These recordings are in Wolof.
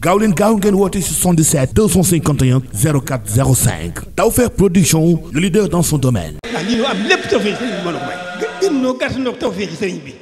waaw gaaw woote 77 Production le dans son domaine. ah am lépp tawfeex sëriñ bi mën a may. gën noo gàtt noo tawfeex sëriñ bi.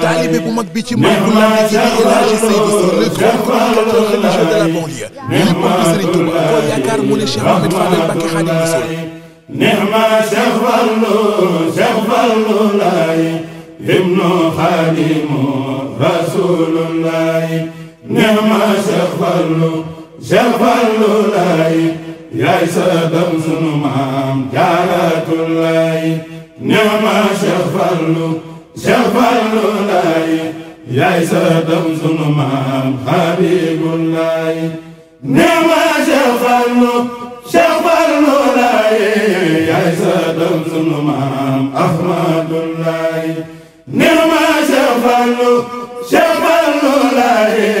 taalibe bu mag bi ci mag bu mag ci élage Seydi Sow le grand communicateur religieux de la banlieue léppam Serigne Touba ko yaakaar mu ne Cheikh Ahmed Fadel نعمة شيخ فلو شيخ فلو لاي ابن خادم رسول الله نعمة شيخ فلو شيخ فلو لاي يا سبب سنمام جارة الله نعمة شيخ فلو شيخ فلو لاي يا سبب سنمام حبيب الله نعمة شيخ فلو Cheikh Barnoulaye yaay sa doom sunu maam Ahmadoulaye nee ma Cheikh Fallu Cheikh Barnoulaye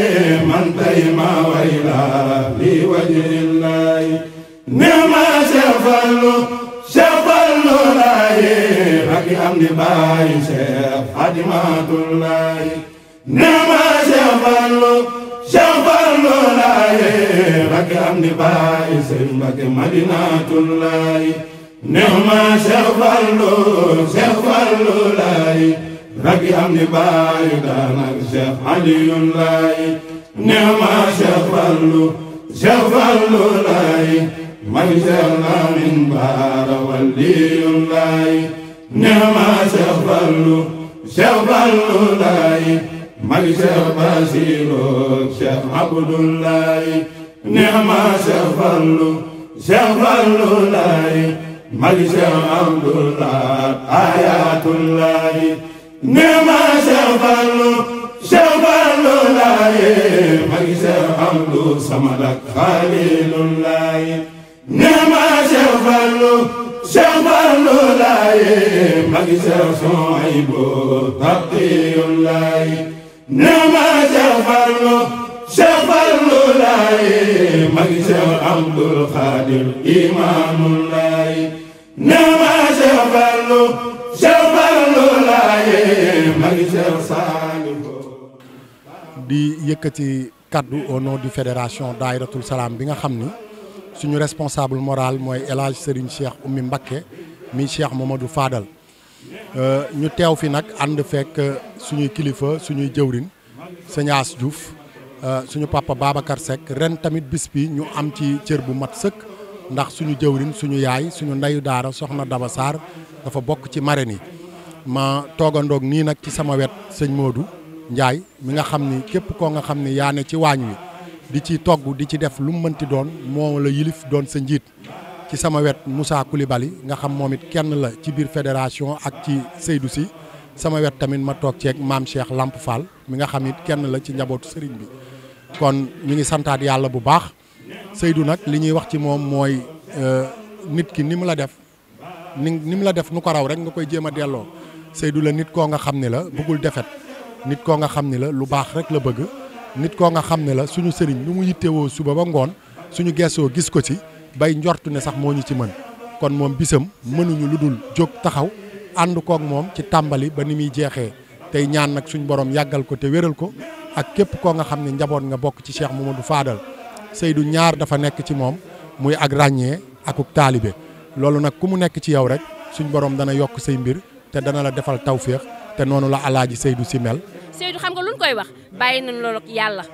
man tay ma wayla li wajhillahi nee ma Cheikh Fallu Cheikh Barnoulaye ak am di baay Cheikh Fadimatulaye nee ma Cheikh Fallu Cheikh laaye rakk am di baay sëriñ Mbàkke madinaatul laaye neex ma Seex Fallu Seex Fallu laaye rakk am di baay daanak Seex Aliyun laaye neex ma Seex Fallu Seex Fallu laaye mag Seex Laamin Baara waliyun laaye neex ma Seex Fallu Seex Fallu laaye magi Cheikh Basiru Cheikh Abdoulaye neema Cheikh Fallou Cheikh Fallou Laye ayatullahi neema Cheikh Fallou Cheikh Fallou Laye Khalilullahi neema Cheikh Fallou Cheikh Fallou Laye nama Cheikh Fallou Cheikh Fallou laay magi Cheikh Abdoul imaamul laay nama Cheikh Fallou Cheikh Fallou laay magi Cheikh Saliou di yëkkati kaddu au nom du fédération Daayiratul Salaam bi nga xam ni suñu responsable moral mooy El Hadj Serigne Cheikh Oumy Mbacké mi Cheikh Mamadou Fadal Euh, ñu teew fi nag ànd fekk suñuy kilifa suñuy jëwrin sëñ As Diouf euh, suñu papa Babacar Seck ren tamit bis bi ñu am ci cër bu mat sëkk ndax suñu jëwrin suñu yaay suñu ndeyu daara soxna Daba Sarr dafa bokk ci marraine yi ma toggandook nii nag ci sama wet sëñ Modou Ndiaye mi nga xam ni képp koo nga xam ni yaa ne ci waañ wi di ci togg di ci def lu mënti doon moo la yilif doon sa njiit ci sama wet Moussa Koulibaly nga xam moom it kenn la ci biir fédération ak ci Seydou si sama wet tamit ma toog ceeg maam Cheikh Lamp Fall mi nga xam it kenn la ci njabootu sëriñ bi kon ñu ngi santaat yàlla bu baax Seydou nag li ñuy wax ci moom mooy euh, nit ki ni mu la def ni ni la def nu ko raw rek nga koy jéem a delloo Seydou la nit koo nga xam ne la bëggul defet nit koo nga xam ne la lu baax rek la bëgg nit koo nga xam ne la suñu sëriñ lu mu yittewoo suba ba ngoon suñu geesoo gis ko ci bay njortu ne sax moo ñu ci mën kon moom bisam mënuñu lu dul jóg taxaw ànd kook moom ci tàmbali ba ni muy jeexee tey ñaan nag suñ boroom yàggal ko te wéral ko ak képp koo nga xam ne njaboot nga bokk ci Cheikh du faadal Seydou ñaar dafa nekk ci moom muy ak ràññee akuk taalibe loolu nag ku mu nekk ci yow rek suñ borom dana yokk say mbir te dana la defal tawféex te noonu la alaaji Seydou si mel. Seydou xam nga luñ koy wax bàyyi nañ loolu yàlla.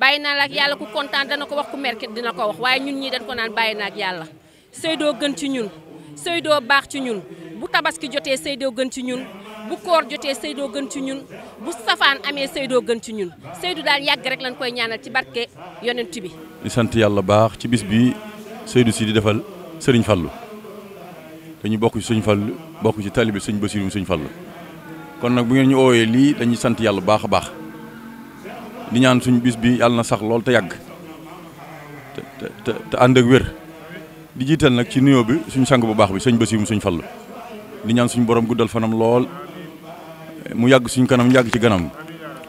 bàyyi naa la ak yàlla ku kontaan dana ko wax ku merket dina ko wax waaye ñun ñii dañ ko naan bàyyi naa ak yàlla saydoo gën ci ñun Seydou baax ci ñun bu tabaski jotee saydoo gën ci ñun bu koor jotee Seydou gën ci ñun bu safaan amee Seydou gën ci ñun Seydou daal yàgg rek lañ koy ñaanal ci barke yonent bi. di sant yàlla baax ci bis bi Seydou si di defal sëriñ Fallou dañu bokk ci sëñ Fallou bokk ci talibi sëñ Basiru sëñ Fallou kon nag bu ngeen ñu oowee lii dañuy sant yàlla baax a baax. di ñaan suñu bis bi yàlla na sax lool te yàgg te te te ànd wér di jiital nag ci nuyoo bi suñu sang bu baax bi sëñ Bassirou suñu Fallu di ñaan suñu borom guddal fanam lool mu yàgg suñu kanam yàgg ci ganam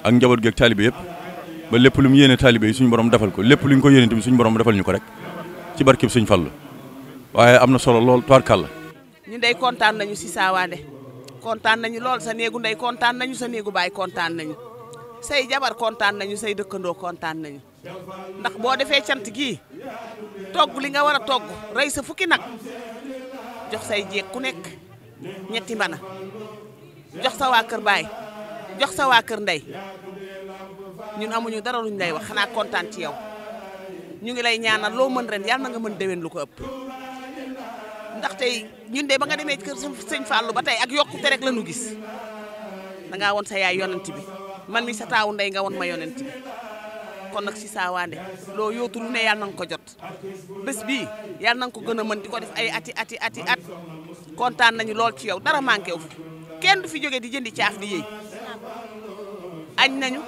ak njaboot gi ak taalibe yëpp ba lépp lu mu yéene taalibe yi suñu borom defal ko lépp lu ñu ko yéene tamit suñu borom defal ñu ko rek ci barkeb suñu la waaye am na solo lool tubaarkàlla. ñu day kontaan nañu si Saawaane kontaan nañu lool sa néegu say jabar kontaan nañu say dëkkandoo kontaan nañu ndax boo defee cant gi togg li nga war a togg rey sa fukki nag jox say jeeg ku nekk ñetti bana jox sa waa kër baay jox sa waa kër ndey ñun amuñu dara luñ lay wax xanaa kontaan ci yow ñu ngi lay ñaanal loo mën ren yàlla na nga mën déwén lu ko ëpp ndax tey ñun de ba nga demee kër sëñ Fallou ba tey ak yokkute rek la ñu gis dangaa won sa yaay yonent bi man mi sa taawu ndey nga won ma yonent kon nag si saawaande loo yootu ne yàlla na nga ko jot bés bii yàlla na ko gën a mën di ko def ay ati ati ati at kontaan nañu lool ci yow dara manqué wu fi kenn du fi jógee di jëndi caaf di yëy añ nañu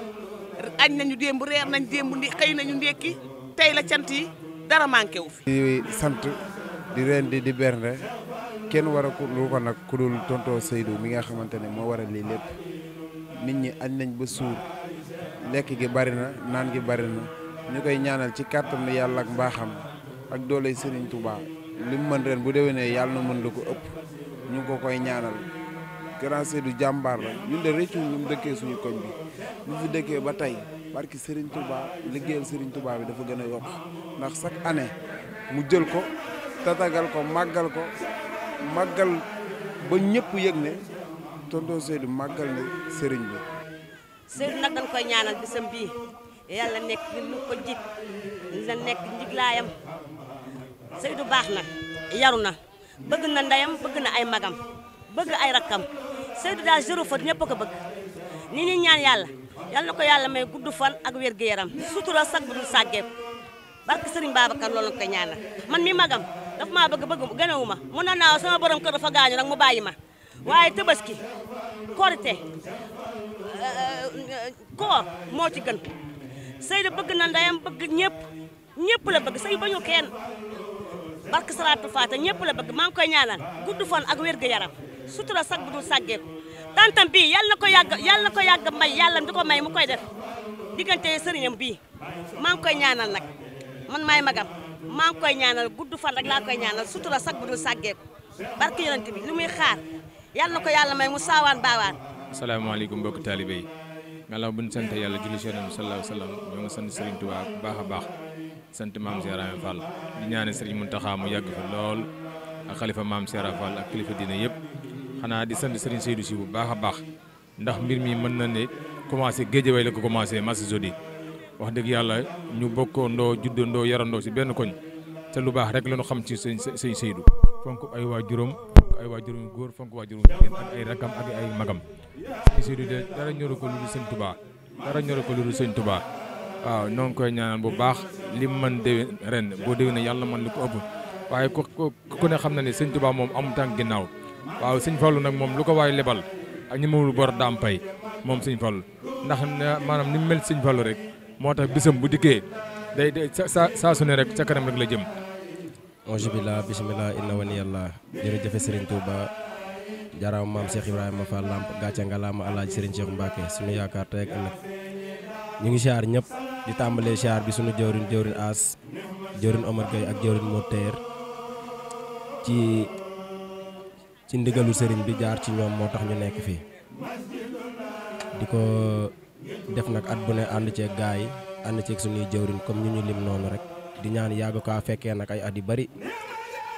añ nañu démb reer nañ démb ndi xëy nañu ndekki tey la cant yi dara manqué wu fi sant di rendi di bernde kenn war a lu ko nag ku dul tontoo Seydou mi nga xamante ne moo war a lii lépp nit ñi añ nañ ba suur lekk gi bari na naan gi bari na ñu koy ñaanal ci kàttanu yàlla ak mbaaxam ak dooley Serigne Touba li mu mën ren bu déwénee yàlla na mën la ko ëpp ñu ko koy ñaanal Grand Seydou jàmbaar la ñu de rëccu ñu dëkkee suñu koñ bi ñu fi dëkkee ba tey barki sëriñ Touba liggéeyal sëriñ Touba bi dafa gën a yokk ndax chaque année mu jël ko tatagal ko màggal ko màggal ba ñëpp yëg ne tonton Seydou màggal na sëriñ bi. Seydou nag dañ ko ñaanal bisam bi yàlla nekk lu ko jig la nekk njiglaayam Seydou baax na yaru na bëgg na ndeyam bëgg na ay magam bëgg ay rakkam Seydou daal zéro faute ñëpp ko bëgg ni ñuy ñaan yàlla yàlla na ko yàlla may gudd fan ak wér-gu-yaram sutura sag bu dul sàggeeku barke sëriñ Babacar loolu nga koy ñaanal man mi magam dafa maa bëgg bëgg gënewuma mun na naaw sama borom kër dafa gaañu nag mu bàyyi ma waaye tabaski korite euh, euh, koor moo ci gën Seydou bëgg na ndeyam bëgg ñëpp ñëpp la bëgg Seydou bañu kenn barke salaatu faata ñëpp la bëgg maa ngi koy ñaanal gudd fan ak wér gu yaram sutura sag bu dul sàggeeku tantam bii yàlla na ko yàgg yàlla ko yàgg may yàlla di may mu koy def diggante sëriñam bi maa ngi koy ñaanal nag man maay magam maa ngi koy ñaanal gudd fan rek laa koy ñaanal sutura sag bu dul sàggeeku barke yonent bi lu muy xaar yal na ko yàlla may mu saawaan baawaan. asalaamaaleykum mbokki taalibe yi ngalaw bu ñu sant yàlla julli ci Yonent bi sallallahu alayhi ngi sant Serigne Touba bu baax a baax sant maam Sera Fall di ñaane Serigne Mountakha mu yàgg fa lool ak xalifa maam Sera Fall ak kilifa diine yëpp xanaa di sant Serigne Seydou si bu baax a baax ndax mbir mi mën na ne commencé géejewaay la ko commencé Massasoudi wax dëgg yàlla ñu bokkoo ndoo juddoo ndoo yarandoo si benn koñ te lu baax rek la ñu xam ci sëñ sëñ Seydou. fonk ay waajuram fonk ay waajuram góor fonk waajuram jigéen ak ay rakam ak ay magam sëñ Sidy de dara ñoru ko lu dul sëñ Touba dara ñoru ko lu dul sëñ Touba waaw noo ngi koy ñaanal bu baax li man déwén ren boo déwénee yàlla man li ko ëpp waaye ku ku ne xam na ne sëñ Touba moom amu tànk ginnaaw waaw sëñ Fallou nag moom lu ko waay lebal ak ñi mawul bor daam pay moom sëñ Fallou ndax maanaam ni mu mel sëñ Fallou rek moo tax bisam bu dikkee day day saa su ca kanam rek la jëm ange billah bismillah inna wani yàlla jërëjëfe Serigne Touba jaraam maam Cheikh Ibrahima Fall lamp gàcce nga laama alaaji Serigne Cheikh Mbacke suñu yaakaar tey ak ëllëg ñu ngi siyaar ñëpp di tàmbalee siyaar bi suñu jëwrin jëwrin As jëwrin Omar Gueye ak jëwrin Moteer ci ci ndigalu sëriñ bi jaar ci ñoom moo tax ñu nekk fii di ko def nag at bu ne ànd ceeg gaay ànd ceeg suñuy jëwrin comme ñu ñu lim noonu rek di ñaan yàgg kaa fekkee nag ay at yu bari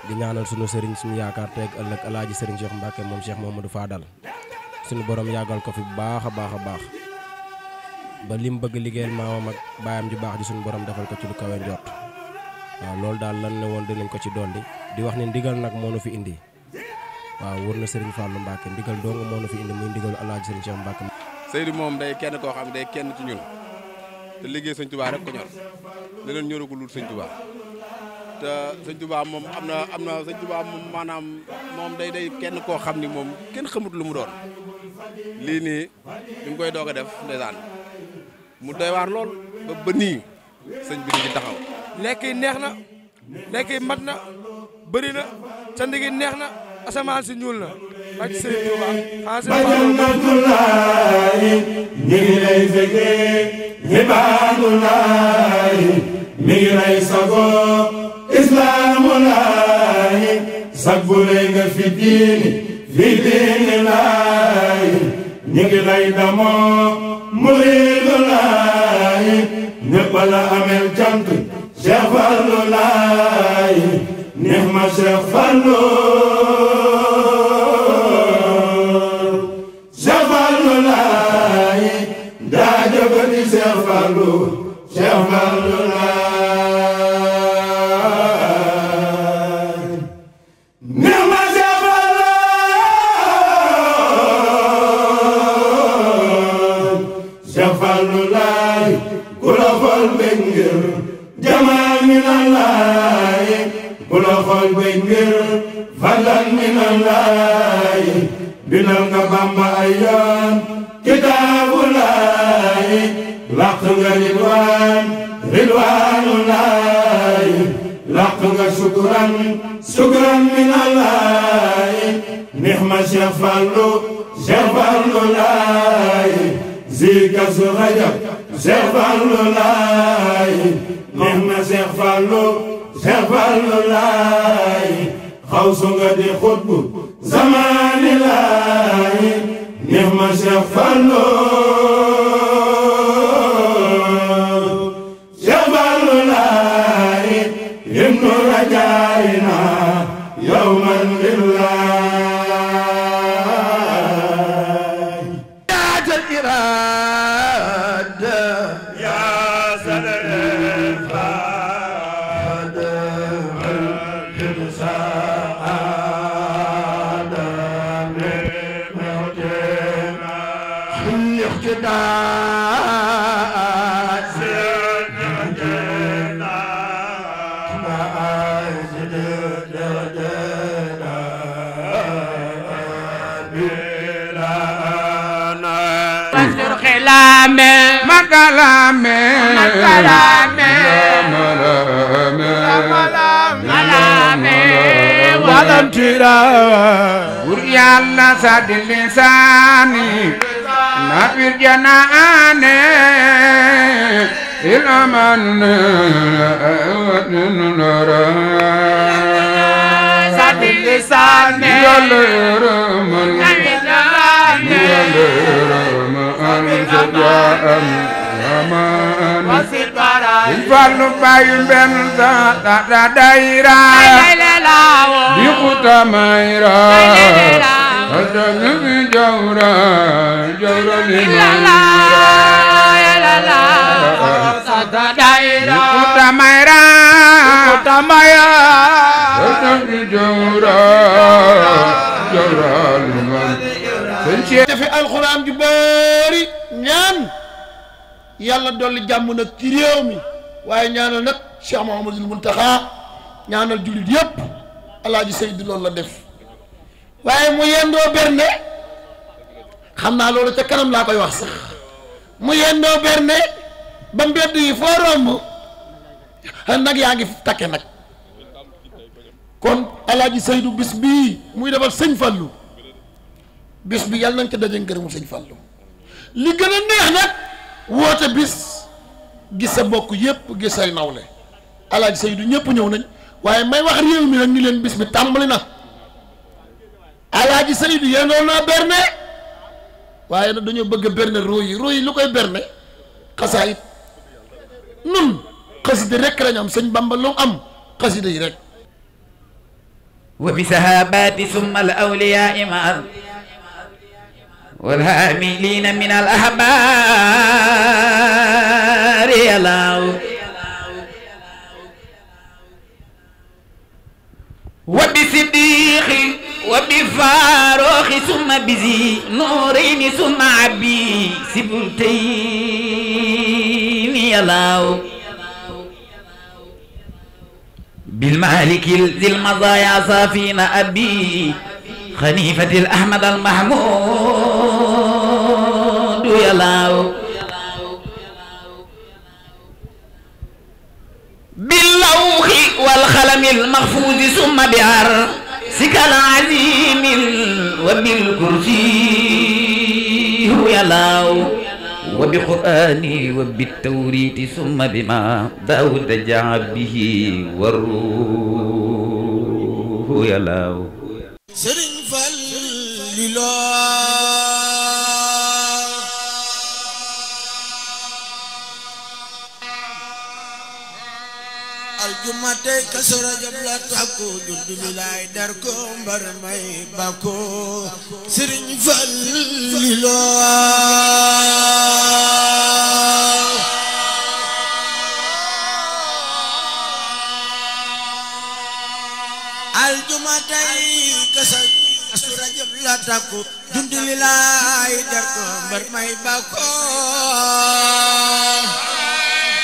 di ñaanal sunu sëriñ suñu yaakaar teeg ëllëg alaaji sëriñ Cheikh Mbacke moom du Mamadou Fadal suñu borom yàggal ko fi bu baax a baax a baax ba li mu bëgg liggéeyal maamam ak baayam ju baax ji suñu borom defal ko ci lu kawe njort waaw loolu daal lan ne woon dinañ ko ci dolli di wax ne ndigal nag moo nu fi indi waaw wër na sëriñ Fallou Mbacke ndigal dong moo nu fi indi muy ndigalu alaaji sëriñ Cheikh te liggéey sëñ Tuubaa rek ko ñor leneen ñoragul lul sëñ Tuubaa te sëñ moom am na am na sëñ Tuubaa moom maanaam moom day day kenn koo xam ni moom kenn xamut lu mu doon lii nii ñu ngi koy doog a def ndeysaan mu doy waar lool ba ba sëñ bi di taxaw. lekk yi neex na lekk yi mat na bëri na sa ndig neex na asamaan si ñuul na. bajannatullaahi mi ngi lay fekkee ibaadullaahi mi ngi lay sagoo islaamullaahi saggu lay nga fi diini fi diini laahi mi ngi lay damoo muriidullaahi ñëpp la amel cant Cheikh Fallu laahi neex ma Cheikh Fallu koy ngir fadlan minallaay bindal nga Bamba ay yoon kitaabu laay làq nga ridwaan ridwaanu laay làq nga sukran sukran minallaay nixma Cheikh Fallu Cheikh Fallu laay ziika su rajab Cheikh Fallu laay nixma Cheikh Fallu Cheikh Fallu laay xawsu nga di xutbu zamaani laayi nix ma Cheikh Fallou kalame kalame kalame walam tira bur yalla sadil lisani nabir janane ilaman nara sadil lisani yalla raman yalla raman amaan wasit baray in fallu bayu ben da da daira di kuta mayra ada nabi jawra jawra ni mayra da daira di kuta mayra di kuta mayra ada nabi jawra jawra ni mayra dafe alquran ju bari yàlla dolli jàmm nag ci réew mi waaye ñaanal nag Cheikh Mouhamadul Muntaxa jullit yëpp alaaji Seydou lool la def waaye mu yendoo berne xam naa loolu ca kanam laa koy wax sax mu yendoo berne ba mbedd yi foo romb nag yaa ngi takke nag kon alaaji Seydou bis bi muy defal sëñ Fallu bis bi yàlla nañ ca daje ngërëmu sëñ Fallu li gën a neex nag woote bis gis sa bokk yépp gis say nawle alaaji Seydou ñëpp ñëw nañ waaye may wax réew mi nag ni leen bis bi tàmbali na alaaji Seydou yendoon naa berne waaye nag dañoo bëgg a berne roo yi roo yi lu koy berne xasaayit nun xasida rek lañ am sëñ Bamba lu am xasida yi rek wa bi sahabaati summa al awliyaa imaar والهاملين من الأحبار يلاو وبصديق وبفاروق ثم بذي نورين ثم عبي سبلتين يلاو بالمالك ذي المزايا صافين أبي xanifatil ahmad al mahmud yalaaw billawxi wal xalamil maxfuuzi summa bi ar sikal azimil wa bil kursi yalaaw wa bi qur'ani wa bi tawriti summa bi ma daawuda jaa bihi wa ruuhu yalaaw لله aljuma tey kasu rajab la takku juddu bi laay dar ko mbar may bakko sëriñ Fallilu takku jundu lilaay jar ko mbar may bako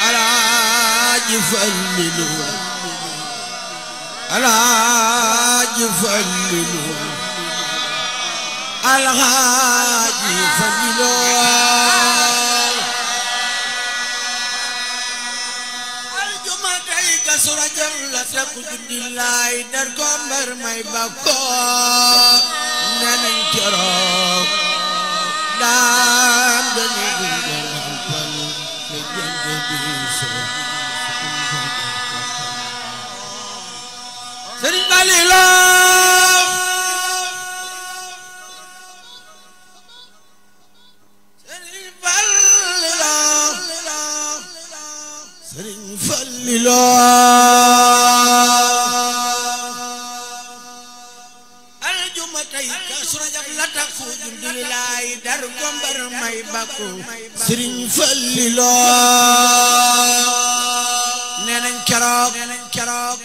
alaaji fallilu alaaji fallilu alaaji fallilu aljuma day gasura jar la takku jundu lilaay jar ko mbar may bako nañ keroog daan dañu dundal alpal te jënd bi soo Sëriñ Baliilo Sëriñ Baliilo Sëriñ Baliilo abdullahi dar ko mbar may bakku sëriñ Fallilu nee nañ keroog nee nañ keroog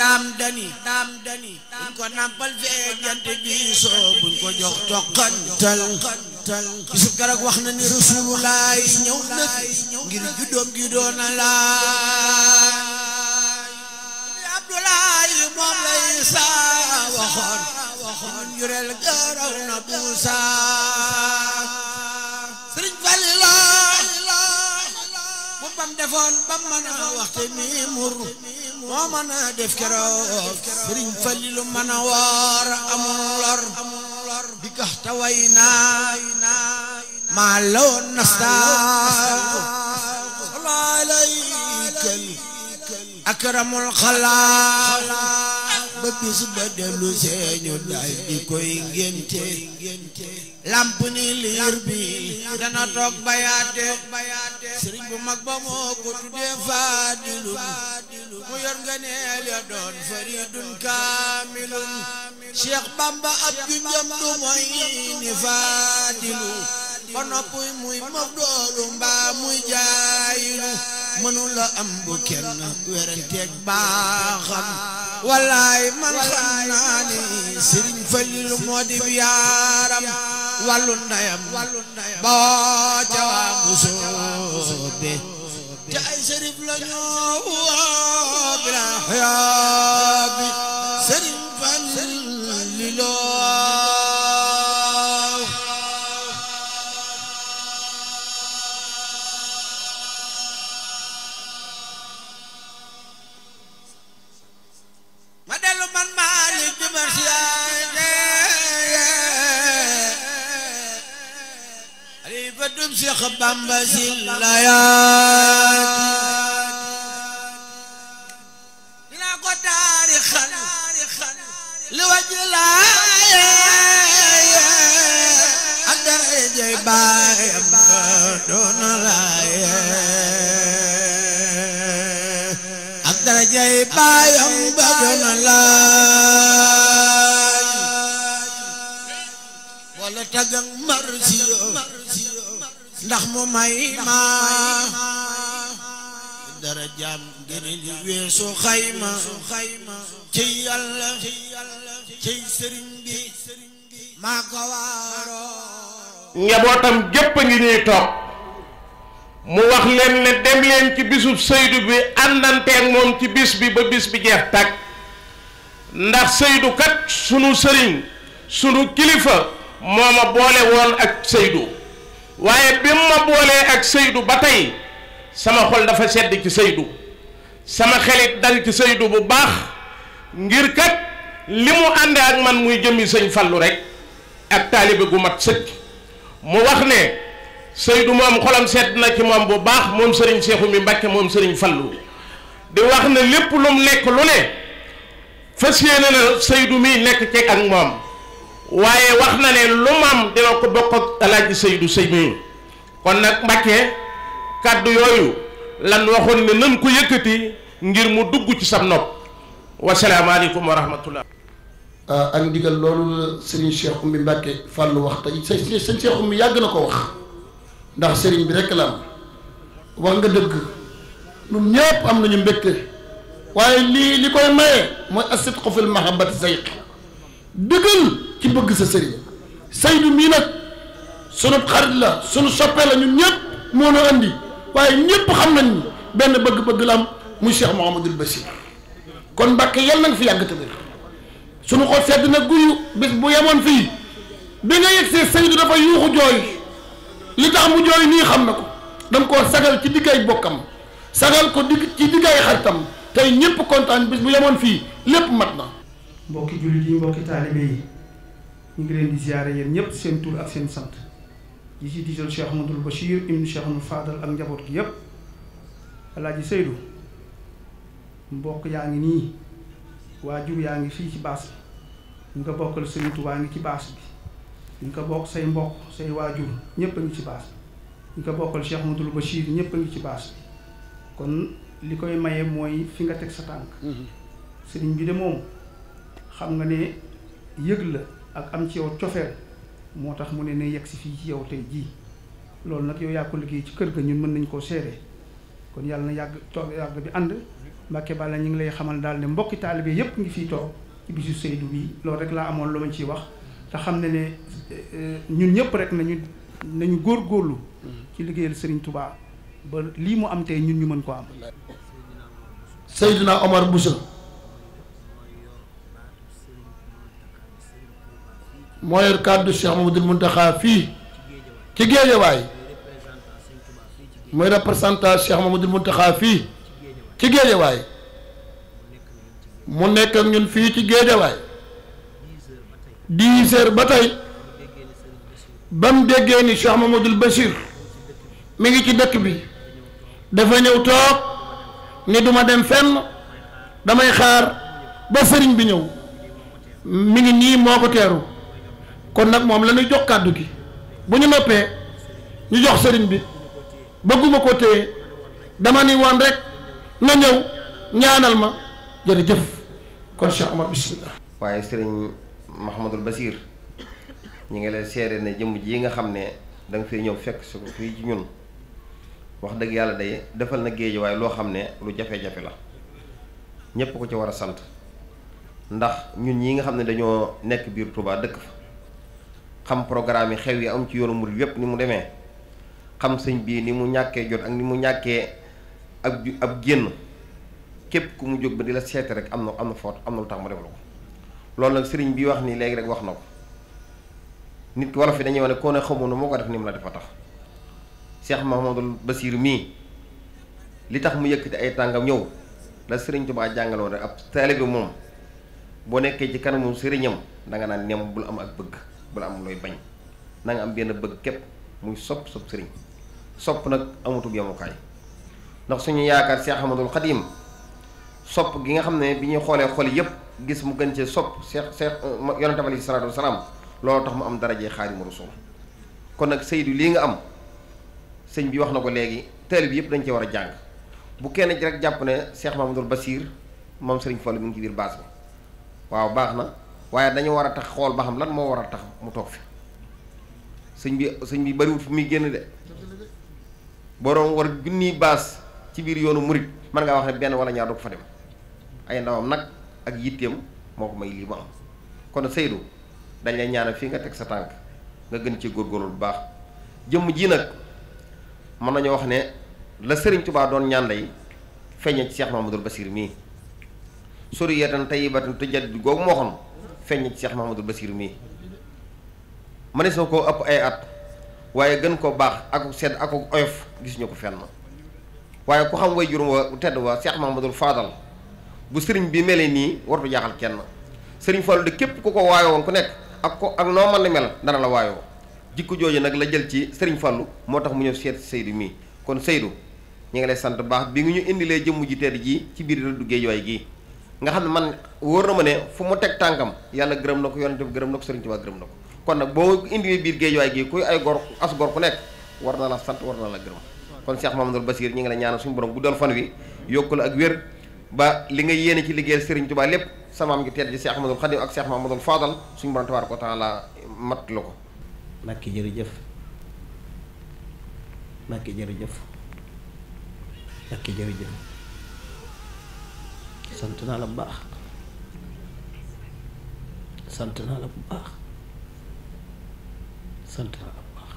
daam dani daam dani buñ ko nampal fee jant bi soo buñ ko jox toqantal Yusuf Garag wax na ni Rasulullah ñëw na ngir juddoom gi doon na laay Abdullahi moom lay saa waxoon waxoon jurel garaw na buusa sëriñ Fallu bu bam defoon bam mën a waxte mi mur moo mën def keroog sëriñ Fallu mën a woor amul lor bi gax ta way naay maa loon nastaaku salaalaykal akramul xalaaq ba bis ba dellu seeñu daal di koy ngénte lamp ni liir bi dana toog bayaate sëriñ bu mag ba moo ko tuddee faadilun mu yor nga neel ya doon faridun kaamilun Cheikh Bamba ab junjam du mooy ni faadilu ba noppuy muy mof doolu mbaa muy jaayilu mënula am bu kenn werenteeg baaxam wallaay man xam naa Falilu moo di yaaram wàllu ndayam boo ca waa musóobe te ay sërif la ñoo woo bila mbirum Seex Bamba si layaat dina ko daari xal li waji laaye ak dara jey baayam ba doon laaye ak dara jey baayam ba doon laaye la taggang marsiyo ndax mu ma dara jaam njabootam gépp ngi ñuy toog mu wax leen ne ci bisub Seydou bi àndante moom ci bis bi ba bis bi jeex tàkk ndax Seydou kat sunu sëriñ sunu kilifa moo ma boole woon ak Seydou waaye bi ma boolee ak Seydou ba tey sama xol dafa sedd ci Seydou sama xelit dal ci Seydou bu baax ngir kat li mu àndee ak man muy jëmmi sëñ fallu rek ak taalibe gu mat sëkk mu wax ne Seydou moom xolam sedd na ci moom bu baax moom sëriñ Seexu mi Mbàkke moom sëriñ Fallou di wax ne lépp lu mu nekk lu ne fas yéene na Seydou miy nekk ceeg ak moom waaye wax na ne lu maam dina ko bokk ak alaaji Seydou Sey mi kon nag Mbàkke kàddu yooyu lan waxoon ne nan ko yëkkati ngir mu dugg ci sab nopp wasalaamaaleykum wa rahmatullah ak ndigal loolu Serigne Cheikh Oumy Mbacke Fallou wax tey sëñ Cheikh Oumy yàgg na ko wax ndax Serigne bi rek la am wax nga dëgg ñun ñëpp am nañu mbégte waaye lii li koy maye mooy asidqu fil mahabbati sayq dëggal ci bëgg sa sëriñ Seydou mii nag sunu xarit la sunu soppee la ñun ñëpp moo ñu andi waaye ñëpp xam nañ ni benn bëgg-bëgg la am muy Cheikh Mouhamadul Bachir kon Mbàkke yal na nga fi yàgg tamit sunu xol sedd na guyu bis bu yemoon fii bi nga yegsee Seydou dafa yuuxu jooy li tax mu jooy nii xam na ko danga koo sagal ci diggay bokkam sagal ko digg ci diggay xaritam tey ñëpp kontaan bis bu yemoon fii lépp mat na mbokki jullit yi mbokki taalibe yi ñu ngi leen di ziare yéen ñëpp seen tur ak seen sant di ci diisal Cheikh Amadou Bachir ibnu Cheikh Amadou Fadal ak njaboot gi yëpp Alaaji Seydou mbokk yaa ngi nii waajur yaa ngi fii ci baas bi ñu nga bokkal Sëriñ Tuubaa ngi ci baas bi ñu nga bokk say mbokk say waajur ñëpp a ngi ci baas bi ñu nga bokkal Cheikh ñëpp a ci baas kon li koy maye mooy fi nga teg sa tànk mm-hmm. sëriñ bi de moom. xam nga ne yëg la ak am ci yow cofeel moo tax mu ne ne yegg si fii ci yow tey jii loolu nag yow yaa ko liggéey ci kër ga ñun mën nañ koo seere kon yàlla na yàgg toog yàgg bi ànd Mbàkke Balla ñu ngi lay xamal daal ne mbokki taalibe yépp ngi fiy toog ci bisu Seydou bi loolu rek laa amoon lu ma ciy wax te xam ne ne eh, ñun ñëpp rek nañu nañu góorlu ci liggéeyal Serigne Touba ba lii mu am tey ñun ñu mën ko am Seydina Omar Bousso moo yor kàddu Cheikh Mamadou Mountakha fii ci géejawaay muy représentant Cheikh Mamadou Mountakha fii ci géejawaay mu nekk ñun fii ci géejawaay dix heures ba tey bam mu déggee ni Cheikh Mamadou Bachir mi ngi ci dëkk bi dafa ñëw toog ni duma dem fenn damay xaar ba sëriñ bi ñëw mu ngi nii moo ko teeru kon nag moom la jox kàddu gi bu ñu noppee ñu jox sëriñ bi bëgguma ko téye dama ni woon rek na ñëw ñaanal ma jërëjëf kon Cheikh Omar bismillah waaye sëriñ Mahamadul Basir ñu ngi lay seere ne jëmm ji nga xam ne danga fee ñëw fekk su ko fii ci ñun wax dëgg yàlla day defal na géej waaye loo xam ne lu jafe-jafe la ñépp ko ci war a sant ndax ñun ñi nga xam ne dañoo nekk biir Touba dëkk fa xam programme yi xew yi am ci yoonu murid yépp ni mu demee xam sëñ bii ni mu ñàkkee jot ak ni mu ñàkkee ab ab génn képp ku mu jóg ba di la seete rek am na am na foot am na lu tax ma defal ko loolu nag sëriñ bi wax nii léegi rek wax na ko nit ki wolof yi dañuy wax ne koo ne xamoon moo ko def ni mu la def dafa tax Cheikh Mahamadul basiir mii li tax mu yëkkati ay tàngam ñëw la sëriñ Tuubaa jàngaloon rek ab taalibe moom boo nekkee ci kanamu sëriñam danga naan nem bul am ak bëgg bul am looy bañ na am benn bëgg képp muy sopp sopp sëriñ sopp nag amatub yamukaay ndax suñu yaakaar Cheikh Ahmadul Xadim sopp gi nga xam ne bi ñuy xoolee xol yépp gis mu gën cee sopp Cheikh Cheikh yonente bi alayhi salaatu wasalaam loolu tax mu am darajee Xaadimu Rasuul kon nag Seydou lii nga am sëñ bi wax na ko léegi taalib yëpp dañ cee war a jàng bu kenn rek jàpp ne Cheikh Mamadou basiir moom Serigne Fall mi ngi ci biir baas bi waaw baax na waaye dañu war a tax xool ba xam lan moo war a tax mu toog fi sëñ bi sëñ bi bariwut fu muy génn de boroom war junniy baas ci biir yoonu murit mën ngaa wax ne benn wala ñaar du ko fa dem ay ndawam nag ak yitteem moo ko may lii kon Seydou dañ lay ñaanal fii nga teg sa tànk nga gën ci góor góorgóorlu bu baax jëmm jii nag mën nañu wax ne la Serigne Touba doon ñaan lay feeñee ci Cheikh Mamadou Bassir mii sori yeetan tayibatan tujjat googu moo xam feeñ ci Cheikh Mahamadou Bassir mii ma ne soo koo ëpp ay at waaye gën ko baax ak sedd ak oyof gisuñu ñu ko fenn waaye ku xam way juróom wa tedd wa Cheikh Mahamadou Fadal bu sëriñ bi mele nii wartu jaaxal kenn sëriñ Fallou de képp ku ko waayoo woon ku nekk ak ko ak noo mën a mel dana la waayoo jikko jooju nag la jël ci sëriñ Fallou moo tax mu ñëw seet Seydou mii kon Seydou ñu ngi lay sant baax bi nga ñu indilee jëmm ji tedd ji ci biir dugg géej waay gii nga xam ne man wóor na ma ne fu mu teg tànkam yàlla gërëm na ko yonent bi gërëm na ko Sëriñ Tuubaa gërëm na ko kon nag boo indi biir géejuwaay gi kuy ay gor as gor ku nekk war na la sant war na la gërëm kon seex Cheikh Mamadou Bassir ñi ngi la ñaanal suñu borom bu doon fan wi yokku la ak wér ba li nga yéene ci liggéeyal Sëriñ Tuubaa lépp samaam ngi di ji Cheikh Ahmadul Khadim ak Cheikh Mamadou Fadal suñu borom tabaaraka wa taala mat lu ko Mbàkke jërëjëf Mbàkke jërëjëf Mbàkke jërëjëf sant naa la bu baax sant naa la bu baax sant naa la bu baax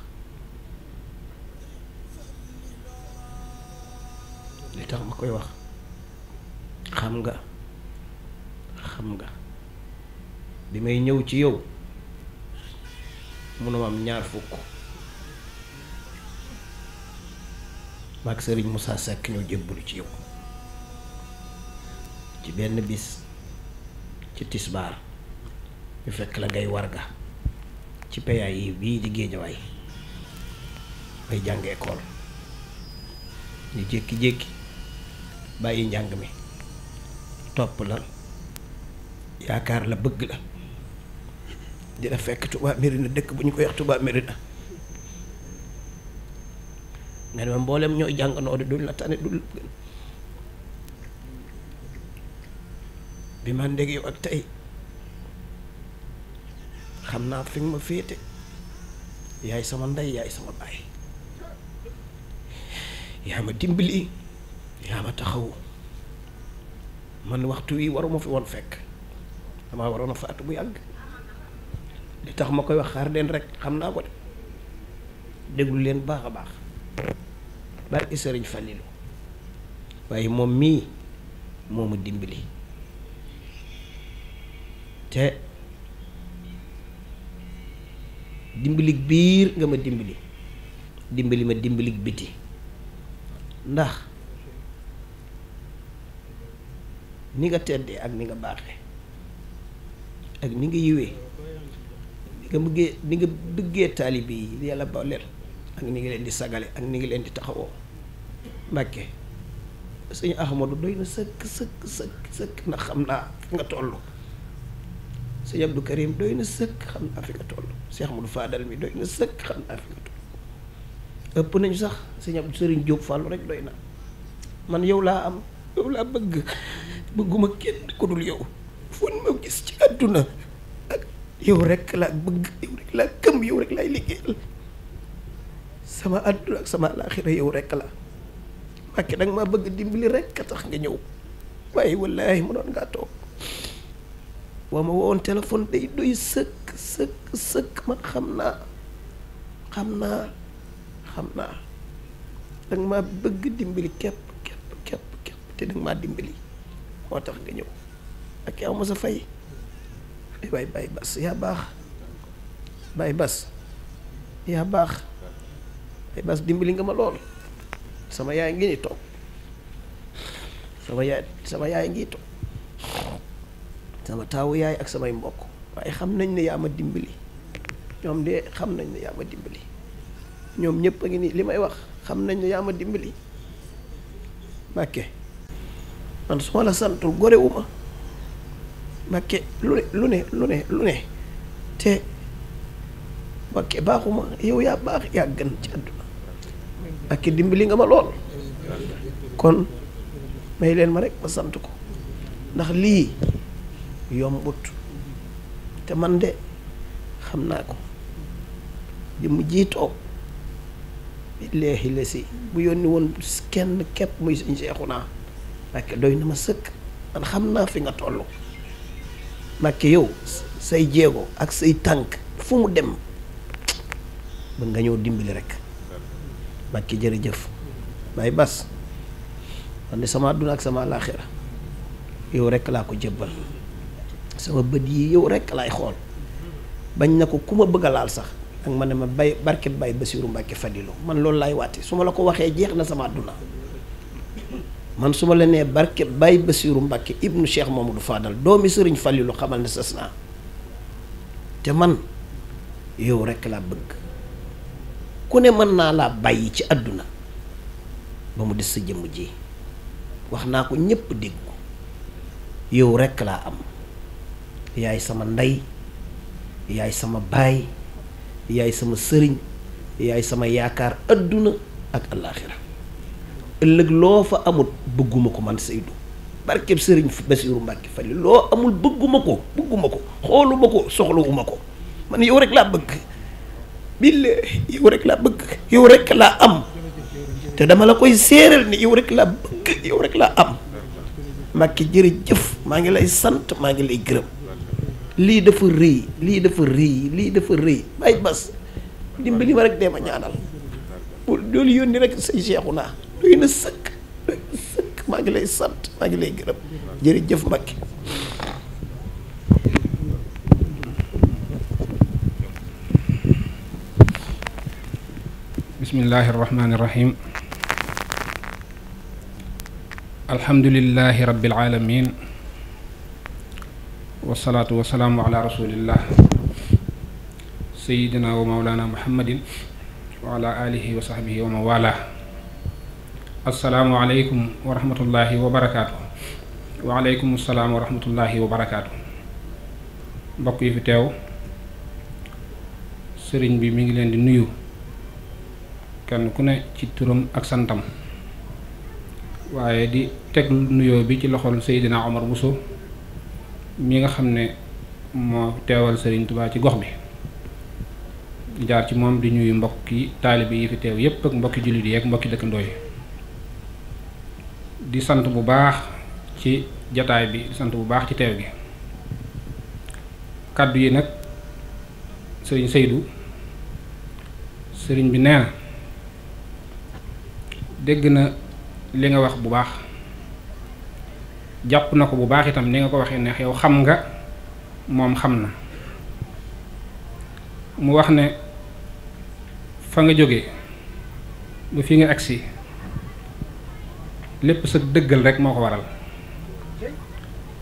li tax ma koy wax xam nga xam nga bi may ñëw ci yow munoo am ñaar fukk maag Serigne Moussa Seck ñoo jébbalu ci yow. ci benn bis ci tisbaar yu fekk la ngay ga ci peyaay yi bii di géejawaay may jàng école ñu jékki-jékki bàyyi njàng mi topp la yaakaar la bëgg la dina fekk Touba Mérina dëkk bu ñu ko wax Touba Mérina nga ne ma mboolem ñooy jàngandoo de du la tane duñ la gën bi ma ndeg ak tey xam naa fi ma féete yaay sama ndey yaay sama baay yaa ma dimbali yaa ma taxawu man waxtu wi waruma fi woon fekk damaa waroon a faatu bu yàgg li tax ma koy wax xaar leen rek xam naa ko de déglu leen baax a baax barki sëriñ Falilu waaye moom mii moo ma dimbali te dimbalik biir nga ma dimbali dimbali ma dimbalik biti ndax ni nga teddee ak ni nga baaxee ak ni nga yiwee ni nga bëggee ni nga bëggee taalibe yi yàlla ba ak ni nga leen di sagale ak ni nga leen di taxawoo mbàkke suñu Ahmadou doy na sëkk sëkk sëkk sëkk ndax xam naa nga toll sëñ du Karim doy na sëkk xam naa fi nga toll Cheikh Modou Fadal mi doy na sëkk xam naa fi nga toll ëpp nañu sax sëñ Abdou Serigne Diop Fallou rek doy na man yow laa am yow laa bëgg bëgguma kenn ku dul yow fon ma gis ci àdduna ak yow rek laa bëgg yow rek laay liggéeyal sama àdduna ak sama alaaxira yow rekk la Mbàkke danga maa bëgg dimbali rek a tax nga ñëw waaye wallaahi mu doon ngaa toog boo ma wowoon téléphone day doy sëkk sëkk sëkk man xam naa xam naa xam naa danga ma bëgg dimbali képp képp képp képp te danga ma dimbali moo tax nga ñëw ak yow ma sa fay waay Baye Bass yaa baax Baye Bass yaa baax Baye Bass dimbali nga ma lool sama yaay ngi ni toog sama yaay sama yaay ngi toog sama taawu yaay ak samay mbokk waaye xam nañ ne yaa ma dimbali ñoom de xam nañ ne yaa ma dimbali ñoom ñëpp a ngi nii li may wax xam nañ ne yaa ma dimbali Mbàkke man su ma la santul gorewuma Mbàkke lu ne lu ne lu ne te Mbàkke baaxuma yow yaa baax yaa gën ci àdduna Mbàkke dimbali nga ma lool kon may leen ma rek ma sant ko ndax lii yombut te man de xam naa ko jëmm jii toog billaahi la si bu yónni woon kenn képp muy suñ seexu naa Mbàkke doy na ma sëkk man xam naa fi nga toll Mbàkke yow say jéego ak say tànk fu mu dem ba nga ñëw dimbali rek Mbàkke jërëjëf may bas man de sama àdduna ak sama laaxira yow rekk laa ko jébbal sama bët yi yow rek laay xool bañ na ko ku ma bëgg a laal sax ak ma ne ma bay barke bay Basiiru Mbàkke Fadilu man loolu laay waate su ma la ko waxee jeex na sama àdduna man su ma la nee barke bay Basiiru Mbàkke ibnu Cheikh Mamadou Fadal doomi sëriñ Falilu xamal ne sës naa te man yow rekk laa bëgg ku ne mën naa laa bàyyi ci àdduna ba mu des sa jëmm ji wax naa ko ñépp dégg ko yow rekk laa am yaay sama ndey yaay sama baay yaay sama sëriñ yaay sama yaakaar adduna ak alaaxira ëllëg loo fa amul bëgguma ko man Seydou barkeb sëriñ Basiiru Mbàkke Fali loo amul bëgguma ko bëgguma ko xooluma ko soxlawuma ko man yow rek laa bëgg billaahi yow rek laa bëgg yow rek laa am te dama la koy séeral ni yow rek laa bëgg laa am Mbàkke jërëjëf maa ngi lay sant maa ngi lay gërëm lii dafa rëy lii dafa rëy lii dafa rëy bay bas dimbali ma rek dee ma ñaanal pour loolu yónni rek say seexu naa doy na sëkk doy na sëkk maa ngi lay sant maa ngi lay gërëm jërëjëf Mbacke wasalaatu wasalaamu ala rasulillah sayidina wa maulana muhammadin wa ala wa sahbihi wa mawala asalaamu aleykum wa rahmatullahi wa barakaatu wa aleykum salaam wa rahmatullahi wa barakaatu mbokk yi fi teew sëriñ bi mu ngi leen di nuyu kenn ku ne ci turam ak santam waaye di teg nuyoo bi ci loxol Seydina Omar Bousso mi nga xam ne moo teewal sëriñ Touba ci gox bi jaar ci moom di ñuy mbokki taalibe yi fi teew yépp ak mbokki jullit yi ak mbokki dëkkandoo yi di sant bu baax ci jataay bi di sant bu baax ci teew gi kàddu yi nag sëriñ Seydou sëriñ bi nee na dégg na li nga wax bu baax jàpp na ko bu baax itam ni nga ko waxee ne yow xam nga moom xam na mu wax ne fa nga jóge ba fi nga agsi lépp sa dëggal rek moo ko waral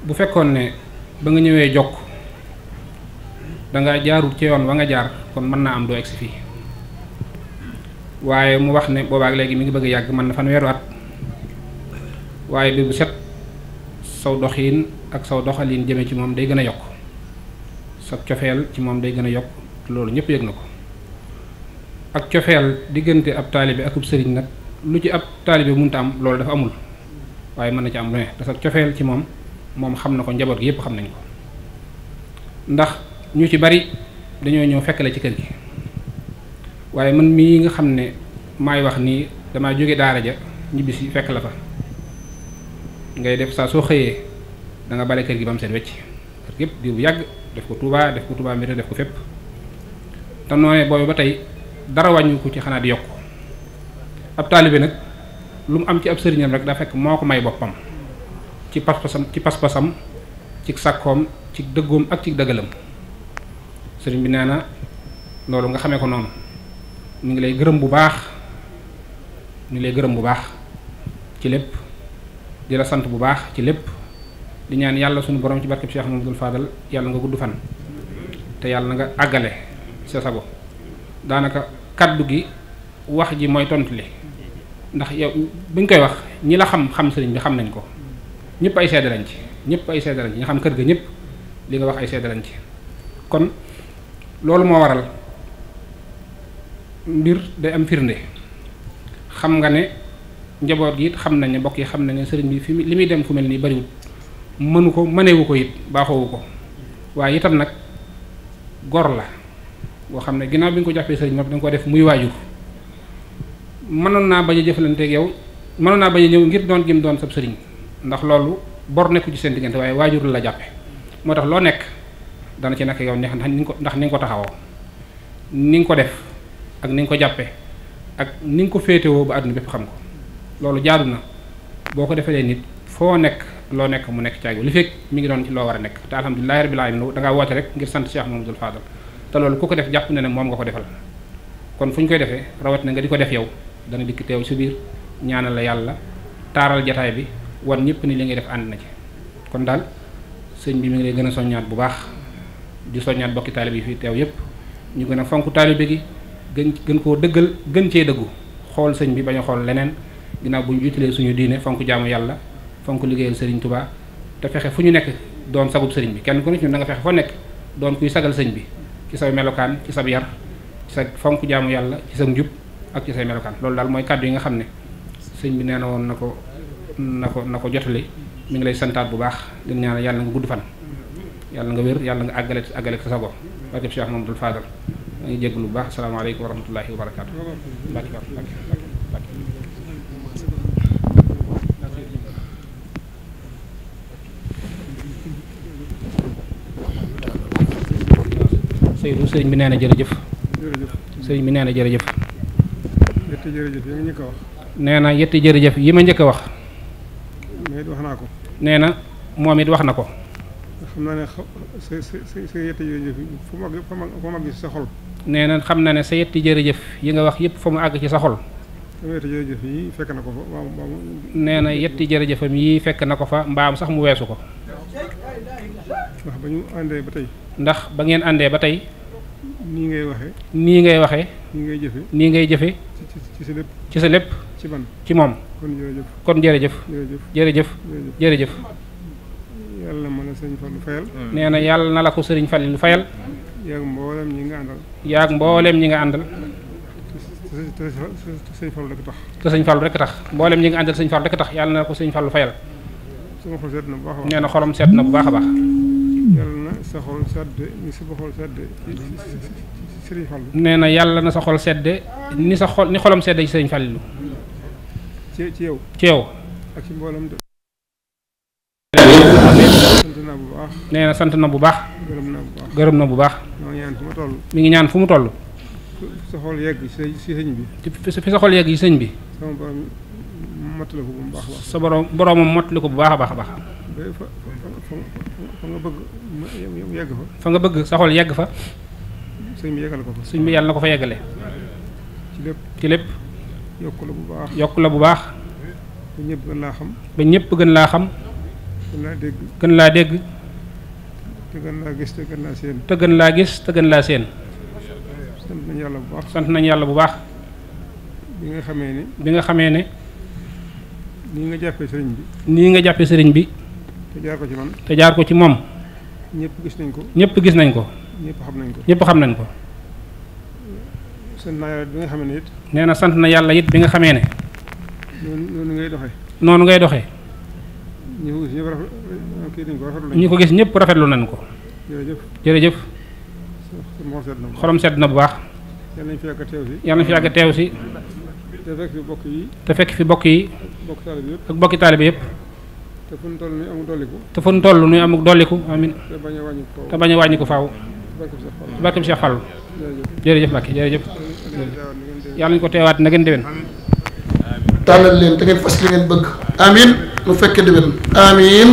bu fekkoon ne ba nga ñëwee jokk danga jaarul ci yoon wa nga jaar kon mën naa am doo agsi fii waaye mu wax ne boobaak léegi mi ngi bëgg yàgg mën na fanweeru at waaye bi bu set saw doxiin ak saw doxalin jëme ci moom day gën a yokk sa cofeel ci moom day gën a yokk loolu ñëpp yëg na ko ak cofeel diggante ab taalibe akub sëriñ nag lu ci ab taalibe munta am loolu dafa amul waaye mën na ci am lu ne te sa cofeel ci moom moom xam na ko njaboot gi yëpp xam nañu ko ndax ñu ci bari dañoo ñëw fekk la ci kër gi waaye man mii nga xam ne maay wax nii damaa jóge daara ja ñibbisi fekk la fa ngay def saa soo xëyee danga nga bale kër gi ba mu set wecc kër gi yëpp bu yàgg def ko Touba def ko Touba mbir def ko fépp te noonee boobu ba tey dara wàññi ko ci xanaa di yokk ab taalibe nag lu mu am ci ab sëriñam rek daa fekk moo ko may boppam ci paspasam ci paspasam ci sàkkoom ci dëggoom ak ci dëggalam sëriñ bi nee na loolu nga xamee ko noonu mu ngi lay gërëm bu baax ñu ngi lay gërëm bu baax ci lépp di la sant bu baax ci lépp di yàlla suñu borom ci barkeb Cheikh Mamadou Fadal yàlla nga gudd fan te yàlla nga àggale sa sago daanaka kàddu gi wax ji mooy tontu li ndax yow bi nga koy wax ñi la xam xam sëriñ bi xam nañ ko ñëpp ay seede lañ ci ñëpp ay seede lañ ci nga xam kër ga ñëpp li nga wax ay seede lañ ci kon loolu moo waral mbir day am firnde xam nga ne. njaboot gi it xam nañ ne bokk yi xam na ne sëriñ bi fi li muy dem fu mel nii bariwul mënu ko mënewu ko it baaxoowu ko waaye itam nag gor la boo xam ne ginnaaw bi nga ko jàppee sëriñ bi da nga ko def muy waajur mënoon naa bañ a jëflanteeg yow mënoon naa bañ ñëw ngir doon gim doon sab sëriñ ndax loolu bor nekku ci seen diggante waaye waajur la jàppe moo tax loo nekk dana ci nakk yow neex ndax ni nga ko ndax ni nga ko taxawoo ni nga ko def ak ni nga ko jàppe ak ni nga ko féetewoo ba àdduna bépp xam ko loolu jaadu na boo ko defalee nit foo nekk loo nekk mu nekk caagi li fekk mi ngi doon ci loo war a nekk te alhamdulilahi laa alamin da ngaa woote rek ngir sant Cheikh Mamadou Fadal te loolu ku ko def jàpp na ne moom nga ko defal kon fu ñu koy defee rawat na nga di ko def yow dana dikk teew si biir ñaanal la yàlla taaral jataay bi wan ñëpp ni li ngay def ànd na ci kon daal sëñ bi mu ngi lay gën a soññaat bu baax di soññaat bokki taalib yi fii teew yëpp ñu gën a fonk taalibe gi gën gën koo dëggal gën cee dëggu xool sëñ bi bañ a xool leneen ginnaaw bu ñu utilee suñu diine fonk jaamu yàlla fonk liggéeyal sëriñ tubaa te fexe fu ñu nekk doon sagub sëriñ bi kenn ku ne ci nga fexe foo nekk doon kuy sagal sëñ bi ci say melokaan ci sab yar ci sa fonk jaamu yàlla ci sa njub ak ci say melokaan loolu daal mooy kàddu yi nga xam ne sëñ bi nee na woon na ko na ko na ko jotali mu ngi lay santaat bu baax di ñaan yàlla nga gudd fan yàlla nga wér yàlla nga àggale àggale sa sago barkeb Cheikh Mamadou Fadal ma ngi jégalu bu baax asalaamaaleykum wa rahmatullahi wa barakaatu Seydou sëriñ bi nee na jërëjëf. sëriñ bi nee na jërëjëf. yi ma njëkk wax. nee na yetti jërëjëf yi ma njëkk a wax. nee na wax naa ko. nee moom it wax na ko. xam naa ne sa sa na xam na ne sa yetti jërëjëf yi nga wax yëpp fa mu àgg ci sa xol. yetti ko nee na yetti jërëjëfam yi fekk na ko fa mbaam sax mu weesu ko. ndax ba ñu àndee ba tey. ndax ba ngeen àndee ba tey. nii ngay waxee. nii ngay waxee. nii ngay jëfee. nii ngay jëfee. ci sa lépp. ci sa ci man moom. kon jërëjëf. kon jërëjëf. jërëjëf jërëjëf. yàlla na ma la sëriñ Fallu fayal. nee na yàlla na la ko sëriñ Fallu fayal. yaag mboolem ñi nga àndal. yaag mboolem àndal. te sëñ Fallu rek tax. te sëñ Fallu rek tax mboolem ñi nga àndal sëñ Fallu rek tax yàlla na la ko sëriñ Fallu fayal. nee na xolam seet na bu baax a baax. sa xol sedd ni nee na yàlla na sa sedd ni sa xol ni xolam sedd ci sëriñ Fallu ci ci yow ci yow ak ci mboolem nee na sant na bu baax gërëm na bu baax gërëm na bu baax mi ngi ñaan fu mu toll sa xol yegg ci sëñ bi fi sa xol yegg yi sëñ bi sama borom mottali ko bu sa borom boromam mottali ko bu baax a baax a baax fa nga bëgg mu yegg fa. fa nga bëgg sa xol fa. sëñ bi yeggal ko sëñ bi yàlla na ko fa yeggale. ci lépp ci lépp. yokk la bu baax ba ñëpp gën laa xam. ba ñëpp gën laa xam. gën laa dégg gën laa dégg. te gën laa gis te gën laa seen. te gën laa gis te gën laa séen sant nañu yàlla bu baax sant nañu yàlla bu baax. bi nga xamee ni bi nga xamee ne. nii nga jàppee sëriñ bi. nii nga jàppee sëriñ bi. te jaar ko ci man te jaar ko ci moom. ñëpp gis nañ ko. ñëpp gis nañ ko. ñëpp xam nañ ko ñëpp xam nañ ko. sant naa bi nga xam ne it. na sant na yàlla it bi nga xamee ne. noonu ngay doxee. noonu ngay doxee. ñi ko gis ñëpp rafetlu nañ ñi ko gis ñëpp rafetlu nañ ko. jërëjëf jërëjëf. xorom sedd na bu baax. yàlla nañ fi yàgg a teew si. si. te fekk fi bokk yi. te fekk fi bokk yi. ak bokki taalibe yëpp. te fu ñu toll nii amul dolliku. te fu ñu toll nii amul te bañ a wàññi ko te bañ a wàññi ko faaw. barkam Cheikh Fall jërëjëf Mbacke jërëjëf. yàlla ko teewaat na ngeen déwén. tànnal leen te ngeen fas li ngeen bëgg. amin mu fekkee déwén. amin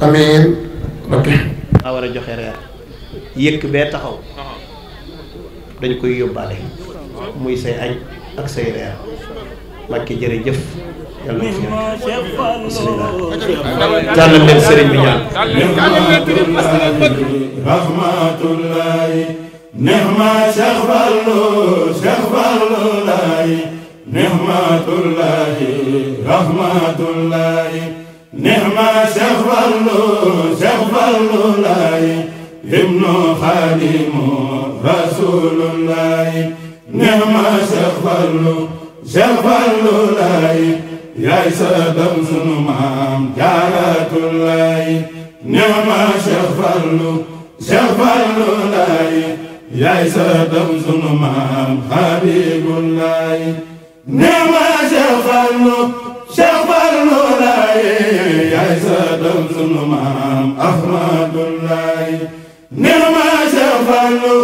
amin ok. maa war a joxe reer yëkk bee taxaw dañ koy yóbbaale muy say añ ak say reer. Mbàkke jërëjëf yàlla na fi bismillah tàllal leen sëriñ bi ñaan rahmatullahi nehma Cheikh Fallou Cheikh Fallou laay nehmatullahi rahmatullahi nehma Cheikh Fallou Cheikh Fallou laay himnu xaadimu rasulullahi nehma Cheikh Fallou Cheikh Fallou lay yaay sa dam sunu maam jaaratul lay nee ma Cheikh Fallou Cheikh Fallou lay yaay sa dam sunu maam Habibul lay nee ma Cheikh Fallou Cheikh Fallou lay yaay sa dam sunu maam Ahmadul lay nee ma Cheikh Fallou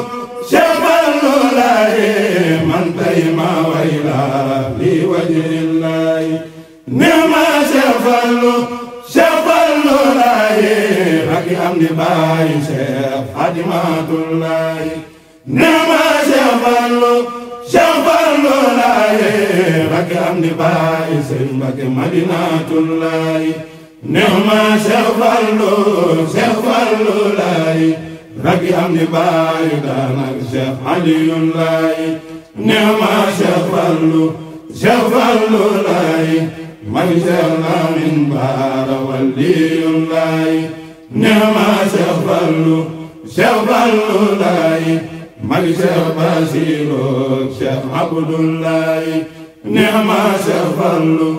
Cheikh Fallou lay man tay maam الله لوجه الله نعمة شفلو شفلو لاي حكي أمني باي شيخ حدمات الله نعمة شفلو شفلو لاي حكي أمني باي شيخ مدينة الله نعمة شفلو شفلو لاي رقي أمني باي دانك شيخ علي الله نعم شفل شفل لاي من شفل من بار ولي لاي نعم شفل شفل لاي من شفل سيرو شيخ عبد الله نعم شفل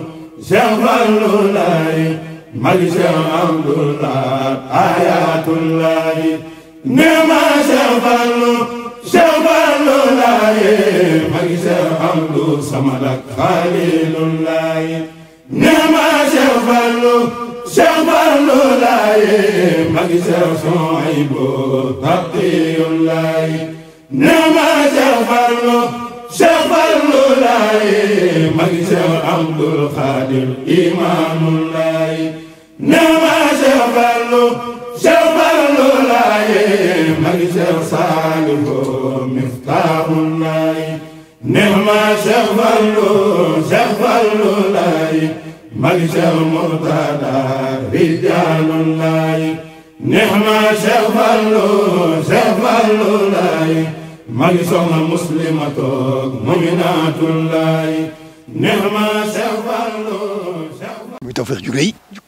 شفل لاي من شفل عبد الله آيات الله نعم شفل Cheikh Fallou Laye magi Cheikh Abdou Samadak Khalilou Laye nema Cheikh Fallou Cheikh Fallou Laye magi Cheikh Souaïbou Taqiyou Laye nema Cheikh Fallou Cheikh Fallou Laye magi Cheikh Abdoul Khadir Imamou Laye nema Cheikh Fallou Cheikh Fallou Laye may Cheikh Saliou miftaaxul laay neex ma Cheikh Fallou Cheikh Fallou laay may Cheikh Murtada rijaalul laay neex ma Cheikh Fallou Cheikh Fallou laay may soxna muslimatoog muminaatul laay neex ma Cheikh Fallou muy tawfeex ju rëy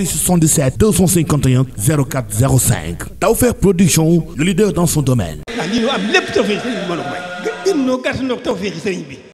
woote 77 251